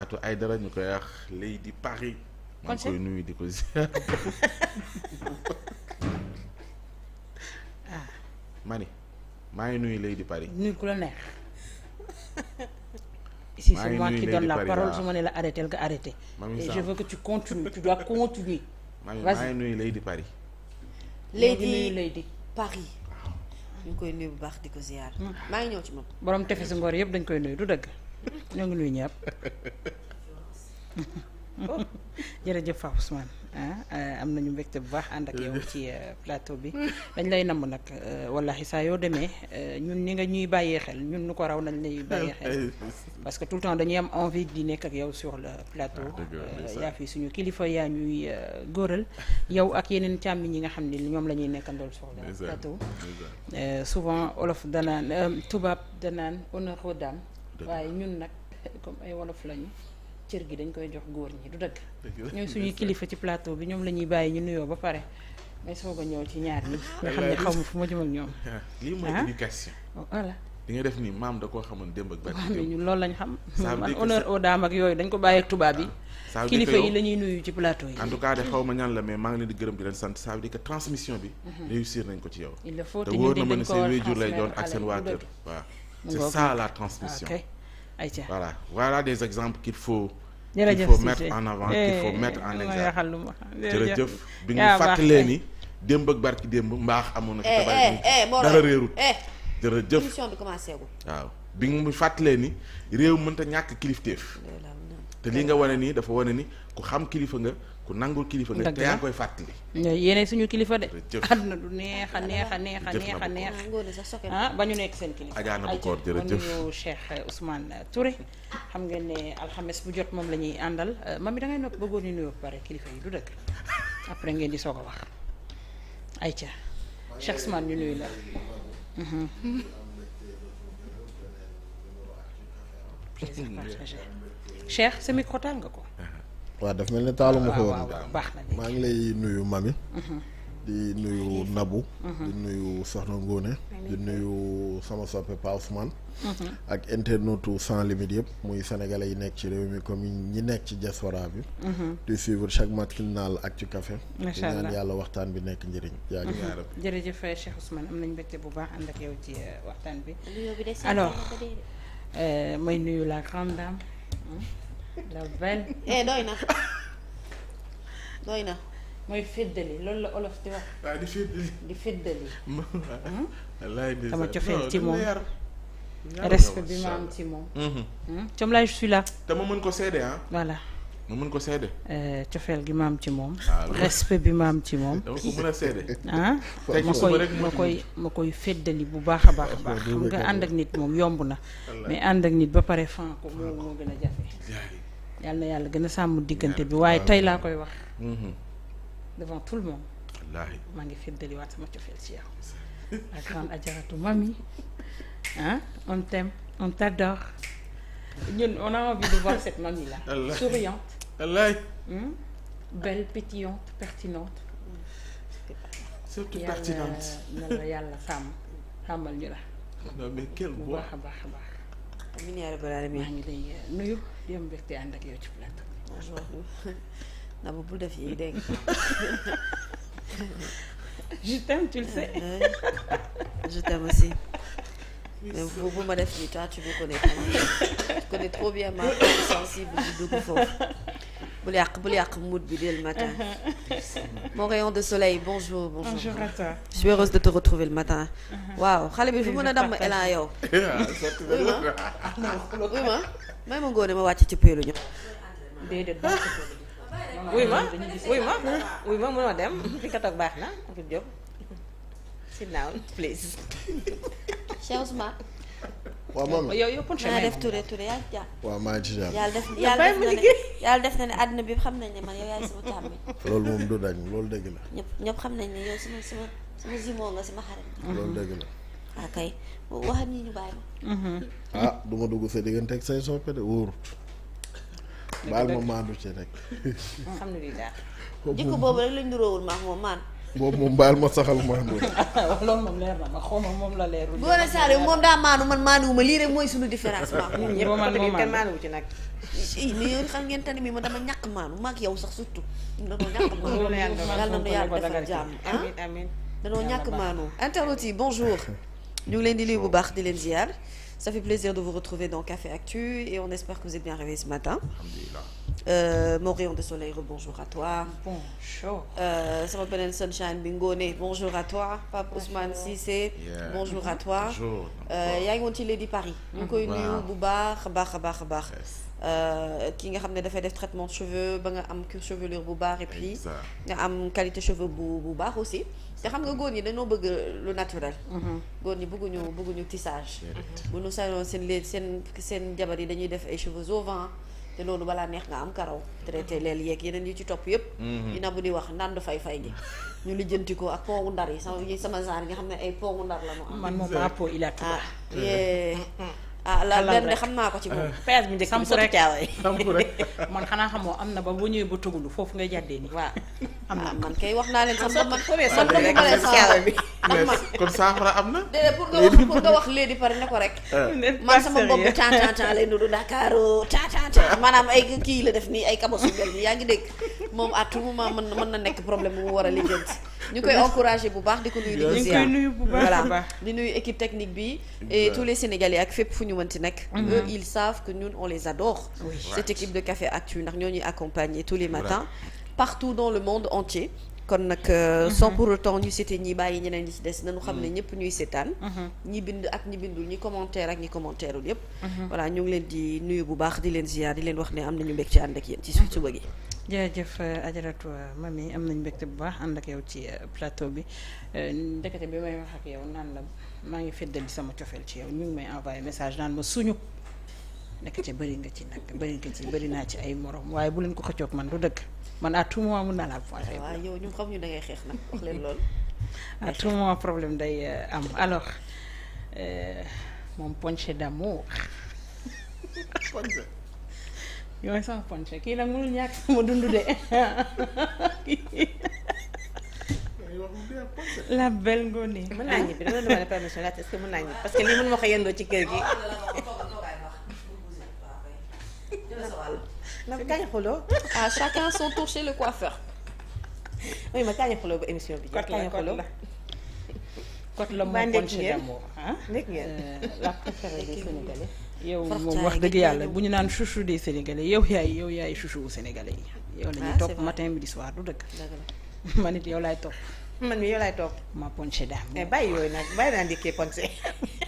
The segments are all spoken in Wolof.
Fatou Aïdara ñu koy wax Lady Paris. maa ngi koy nuyu di ah. maa ngi nuyu Lady Paris. nuyu ku la neex. ici c'est moi qui la parole su la arrêté nga arrêté. et je veux que tu continues tu dois continuer. vas-y maa ngi nuyu Lady Paris. Lady Lady Paris. ñu koy nuyu baax di ko ziar. Ah. maa ngi ñëw ci moom. borom tefes ngor yëpp dañ koy nuyu du dëgg. ñoo ngi nuyu ñëpp jërëjëf Pape Ousmane ah, ah am nañu mbégte bu baax ànd ak yow ci euh, plateau bi dañ lay namm nag euh, wallahi saa yoo demee euh, ñun ni nga ñuy bàyyee xel ñun nu ko raw nañ lay bàyyee xel parce que tout temps dañuy am envie di nekk ak yow sur le plateau ah, yaa fi suñu kilifa yaa ñuy góoral yow ak yeneen càmm ñi nga xam ne ñoom la ñuy nekkandool sur le plateau souvent olof danaan tubaab danaan honneur aux dames waaye ñun nag comme ay wolof lañu cër gi dañ koy jox góor ñi du dëgg ñooy suñuy kilifa ci plateau bi ñoom la ñuy bàyyi ñu nuyoo ba pare ngay soog a ñëw ci ñaar ñi ah. nga xaw ma fu ma jëm ak ñoom ah, lii mooy ah. éducation oh, voilà li nga def nii maam da koo xamoon démb ak barki démb ñun loolu lañ xam man honneur aux dames ak yooyu dañ ko bàyyi ak tubaab la transmission bi mhm. réussir nañ ko ci yow te wóor na ma seen wéjur lay doon ak seen waa kër waaw c'est ça la transmission ayca voilà voilà des exemples qu'il faut. jërëjëf qu'il en avant qu'il faut eh, en exemple jërëjëf bi ñu fàttalee démb ak barki démb mbaax amoon na ci dabay eh, eh, dara réerut jërëjëf émission bi commencé mu fàttalee ni réew mënta ñàkk kilifteef te lii nga wane nii dafa wane nii ku xam kilifa nga ku nangul kilifa nga te yaa koy fàttali. yéenay suñu kilifa de. àdduna du neex a neex a neex a neex a neex. ah ba ñu nekk seen kilifa. ajaa na bu koor jërëjëf nuyu xam ngeen ne alxames bu jot moom la ñuy àndal euh, ma da ngay nopp bëggoon ñu nuyoo ba pare kilifa yi du dëkk après ngeen di soog a wax. ayca Cheikh Ousmane ñu nuyu la. Mhm. Cheikh sa micro nga ko. Eh. waaw daf mel ni taaluma ko ah, maa ngi lay nuyu mami mhm. di nuyu Nabou mhm. di nuyu Soxna Ngone di nuyu sama soppe Pa man mhm. ak internetu sans limite yëpp muy sénégalais yi nekk ci réew mi comme ñi nekk ci diaspora bi di suivre chaque matinal ak ci café di ñaan yàlla waxtaan bi nekk njëriñ yaa ngi ñaara jërëjëf eh, Cheikh Ousmane am nañ mbégte bu baax ànd ak yow ci eh, waxtaan bi alors euh, mooy nuyu la grande dame la belle. eh doy na doy na. mooy féddali loolu la olof di wax. di féddali hmm? sama cofeel ci moom respect bi ma am ci moom. comme là je ko seede ah. voilà. Euh, cofeel gi ma am ci moom. Ah, respect bi ma am ci moom. dama ko mën a ah? ma koy ma koy ma koy féddali bu baax a baax a baax. nga ànd ak nit moom yomb na. mais ànd ak nit ba pare fan ko moo moo gën a jafe. yàlla na yàlla gën a sàmm diggante bi waaye tey laa koy wax. Mhm. devant tout le monde. maa ngi feddaliwaat sama cofeel ci yow. la grande Adjaratou Mamy ah on t'aime on ñun on a envie de voir cette mamie là. souriante. Hmm? belle pétillante pertinente. surtout pertinente yàlla na la yàlla sàmm sàmmal ñu la. bu baax a baax a baax. amiin yaa ngi lay eh, nuyu. di am mbégte ànd ak yow ci plateau. bonjour Nabou bul def yi ma def nii toi tu me connais pas. tu connais trop bien ma sensible du dugg bul yàq bul yàq mood bi dès le matin. mon rayon de soleil bonjour. bonjour bonjour de te retrouver le matin. Uh-huh. waaw xale bi fi mën a damm élan yow. oui ah, ma may ma ngoone ma wàcc ci péelu ñu. déedéet baax wuy ma wuy ma wuy ma mënoo fi nga baax na fi jóg sit waaw moom yow yow pour def Touré Touré yaa ngi waaw maa ngi ci def yàlla na ne àdduna bi xam nañ ne man yaay sama càmmi. loolu moom du dañ loolu dëgg la. ñëpp ñëpp xam nañ ne yow sama sama sama zimoo nga sama xarit. loolu dëgg la. waaw ah, kay waxal ñu ñu bàyyi ma. Mhm. ah du dugg sa diggante ak say soppe de wóorut. baal ma maandu ci rek. alhamdulilah. jikko boobu rek lañ niroowul ma moom maan. boobu moom baal ma saxal ma xam loolu leer ma xaw ma moom la leerul. Gora Sarr moom daa maanu man maanuwu ma lii rek mooy suñu différence ma ñun ñëpp côté bi kenn maanuwu xam ngeen tane bi ma dama ñàkk maanu maak yow sax surtout danoo ñàkk maanu yàlla na nu yàlla defal jàmm ah? amiin amiin danoo ñàkk maanu internautes yi bonjour ñu ngi leen di nuyu bu baax di leen ziar ça fait plaisir de vous retrouver dans Café Actu et on espère que vous êtes bien réveillés ce matin Euh, mon rayon de soleil rebonjour à toi. Euh, sama beneen sunshine bi Ngone bonjour à toi Pape Ousmane Cissé. bonjour à toi. bonjour. yaa ngi woon ci Lady Paris. ñu koy nuyu bu baax a baax a baax a baax. ki nga xam ne dafay def traitement de cheveux ba nga am cure chevelure bu baax. et puis nga am qualité cheveux bu bu baax aussi. te xam nga góor yi dañoo bëgg lu naturel. Mhm. góor ñi bëgguñu bëgguñu tissage. bu nu sañoon seen leen seen seen jabar yi dañuy def ay cheveux au te loolu balaa neex nga am karaw traité leel yeeg yeneen yi ci topp yëpp mhm. yi bu di wax ndànd fay-fay gi ñu lijjanti ko ak pongu ndar yi sama yi sama genre nga xam ne ay pongu ndar la mu am man moom ah, mm-hmm. ah, la xam naa ko ci moom. bi sampu rek sampu rek man xanaa xamoo am na ba boo ñëwee ba foofu ngay jàddee nii. waaw ah, kay wax naa leen sax man man man man man kon saafara am na. déedéet pour nga wax pour nga wax léegi pare ne ko rek. man sama bopp tàntàntàn lay nudu Ndakaaru tàntàntàn. maanaam ay kii la def nii ay kabasu mel nii yaa ngi dégg moom à tout moment mën na nekk problème bu mu war a ñu koy encouragé bu baax di ko nuyu di ko ziar voilà di nuyu équipe technique bi et tous les Sénégalais ak fépp fu ñu mënti nekk mhm. eux ils savent que ñun les adore cette équipe de Café Actu ndax ñoo ñuy tous les matins partout dans le monde entier kon nag euh, mhm. sans pour autant ñu cité ñi bàyyi ñeneen ñi ci des nañu xam ne mhm. ñëpp ñuy seetaan mhm. ñi bind ak ñi bindul ñi commentaire ak ñi commentaire ul yëpp voilà ñu ngi leen di nuyu bu baax di leen ziar di leen wax ne am nañu mbég ci ànd ak yéen ci suba gi jërëjëf ma euh, euh, mami am nañu mbégte bu baax ànd ak yow ci plateau bi ndekete bi may wax ak yow naan la maa ngi feddali sama cofeel ci yow ñu ngi may envoyé message naan ma suñu nekk ca bëri nga ci nag bëri nga ci bëri naa ci ay morom waaye bu leen ko xëccoog man du dëgg man à tout moment mun naa laa pointé. waaw ñu ñun xam ñu da ngay xeex nag wax leen loolu. à tout problème day euh, am alors euh, moom ponché d'amour. yooyu sama ponché kii nag mënul ñàkk sama dund de. la belle ngoone. mën naa que mën naa ñibbi parce que lii mën ma ko yëndoo ci kër gi. sa wàll. nag kañ xuloo à chacun son tour chez le coiffeur. ma kañ xuloo ba émission bi. kot la kot la kot la moo euh, yow moom wax dëgg yàlla bu ñu naan chouchou des Sénégalais yow yaay yow yaay chouchou wu Sénégalais yi. yow la ñuy ah, topp matin midi soir du dëkk. man it yow laay topp. man mi yow laay topp. ma ponche d'amour. mais eh, yooyu nag bàyyi naa ndikkee ponche.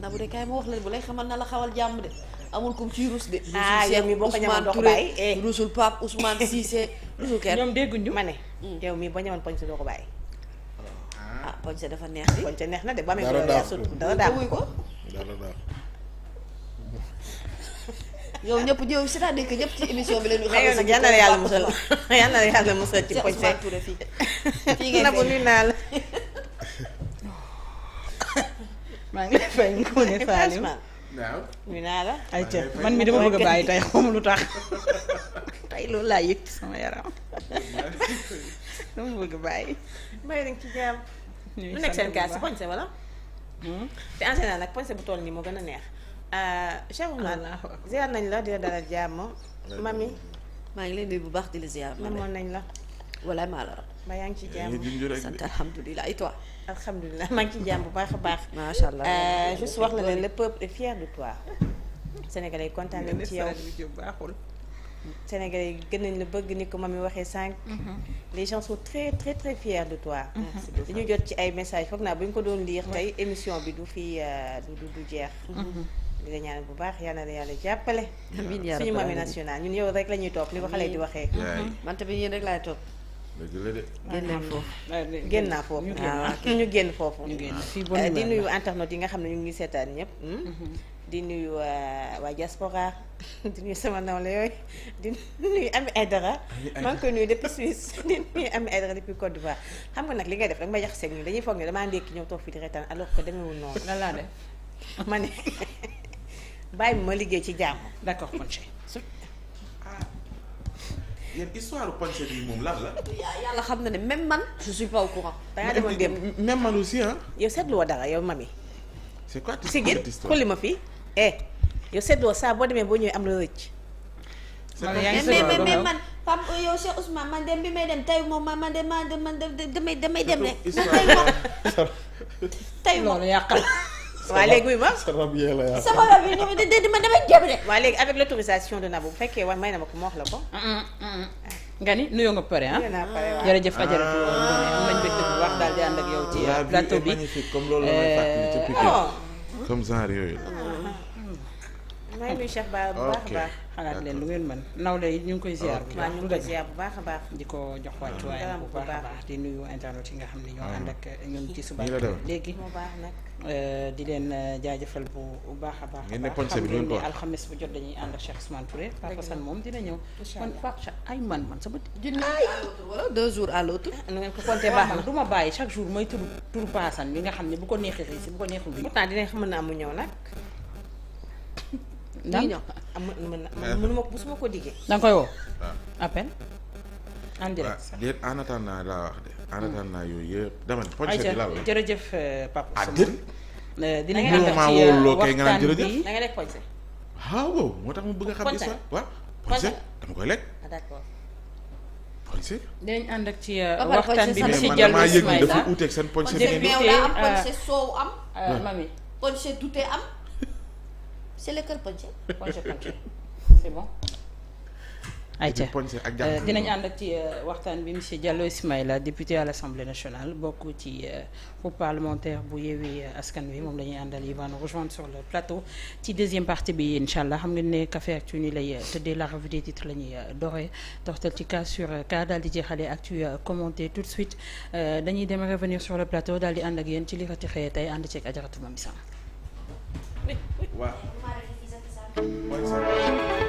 Nabou de kaay ma wax la bu lay xamal na la xawal jàmm de amul kum ci rus de. ah yow boo ko ñamoon doo ko bàyyi eh. rusul Pape Ousmane Cissé rusul kenn ñoom dégguñu ma ne. Mm. yow mi boo ñamoon poñse doo ko bàyyi. Ah. Ah, poñse dafa neex di poñse neex na de ba amee. dara daaw dara daaw ko dara daaw. yow ñëpp ñëw c'est-à-dire que ñëpp bi la ñu xam ne yal na la yàlla musal yal la yàlla musal ci poñse. fii ngeen Nabou nuyu naa maa ngi lay fay Ngoné Saliou waaw ñu naa la. ayca man mi dama bëgg a bàyyi tey xaw ma lu tax tey loolu laa yëg ci sama yaram dama bëgg a bàyyi. mbay dañ ci jàmm. ñu nekk seen kaas si poñse wala. Hmm? te en général nag poñse bu toll nii moo gën a neex. Euh, Cheikh Oumar ziar nañ la di la dalal jàmm. mami maa ngi leen di bu baax di la ziar. namoon nañ la. walaay maa la. ba yaa ngi ci jàmm sant alhamdulilah et toi. alhamdulilah maa ngi ci jàmm bu baax a baax. macha allah euh, juste wax na ne la peuple est fier de toi. Sénégalais yi kontaan nañ ci yow Sénégalais yi gën nañ la bëgg ni ko mami waxee cinq mhm. les gens sont très très très fiers de toi. Mhm. ñu jot ci ay message foog naa bu ñu ko doon lire tey émission bi du fi euh, du du jeex. Mhm. di la bu baax yal na yàlla jàppale. amiin suñu mami national ñun yow rek la ñuy topp li ko xale di waxee. man bi yéen rek laay topp. génn foofu génn naa ah, foofu waaw ah, ah, ñu génn foofu eh, di nuyu internautes yi nga xam ne ñu ngi seetaan ñëpp hmm? mhm. di nuyu euh, waa diaspora di nuyu sama nawle yooyu di nuyu Ami Aïdara maa ngi koy nuyu depuis Suisse di nuyu Ami Aïdara depuis Côte d'Ivoire xam nga nag li ngay def rek ma jax seeg ñu dañuy foog ne damaa ndékki ñëw toog fii di reetaan alors que demeewul noonu ma ne bàyyi ma liggéey ci jàmm d'accord kon yéen histoire poñse moom la. yàlla xam na ne même man je suis pas au courant. da ngaa demoon démb même man ah. yow seetluwoo dara yow mami. c'est quoi cette xulli ma fi eh yow seetloo saa boo demee boo ñëwee am la rëcc. mais mais man Pape yow Cheikh Ousmane man dem bi may dem tey moom man man de man damay damay dem rek. tey moom loolu yàqal. waa léegi oui ma sa rab yee la yaa sama rab yi dama damay jéem de. waaw léegi avec l'autorisation de Nabou bu fekkee wax may na ma ko ma wax la ko. Mm, mm, mm. Ah. nga ni nuyoo nga pare ah. jërëjëf ajaratu am nañ mbégte bu baax daal di ànd ak yow ci plateau bi. comme loolu la may fàttali ca Pikine oh. comme genre yooyu la. maa ngi nuyu Cheikh bu baax a baax. xalaat leen lu ngeen mën nawle yi ñu ngi koy ziar bu baax bu baax a baax di ko jox wàccuwaay bu baax a baax di nuyu internet yi nga xam ne ñoo ah. ànd ak ñun ci suba léegi mu baax nag euh, di leen euh, jaajëfal bu baax a baax xam ngeen ni alxames bu jot a ànd ak Cheikh Ousmane Touré Papa Sane moom dina ñëw man Pape ay man man sama junni wala deux jours à l'autre ah, nu ngeen na du ma bàyyi chaque jour mooy turu turu Papa bi nga xam ne bu ko neexee si bu ko neexul bi pourtant dinañ xam ne amu na mënuma bu su ma ko diggee. da koy woo. waaw ah. appel. en direct waaw ah, déet en attendant laa wax de. en attendant yooyu yëpp dama ne. poche bi lan la jërëjëf euh, ah, euh, ci euh, waxtaan nga lekk poche. waaw moo tax mu bëgg a xam histoire waaw poche dama koy lekk. d'accord. poñse. dinañ ak ci waxtaan bi ci jàll Ismaïla dafa am. mami poñse dute am. c'est le kër ponce ponce ponce c'est bon ayca euh, ànd ak ci euh, waxtaan bi monsieur Diallo Ismaïla député à l'Assemblée nationale bokk ci euh, groupe parlementaire bu Yewwi Askan Wi moom la ñuy àndal il va nous rejoindre sur le plateau ci deuxième partie bi incha allah xam nga ne café actu ni lay tëddee la revue des titres la ñuy doxee doxtal ci cas sur cas daal di jeexalee actu commenté tout de suite dañuy dem revenir sur le plateau daal di ànd ak yéen ci li ko ci tey ànd ceeg ajaratu Mami Sam. waaw. Buenas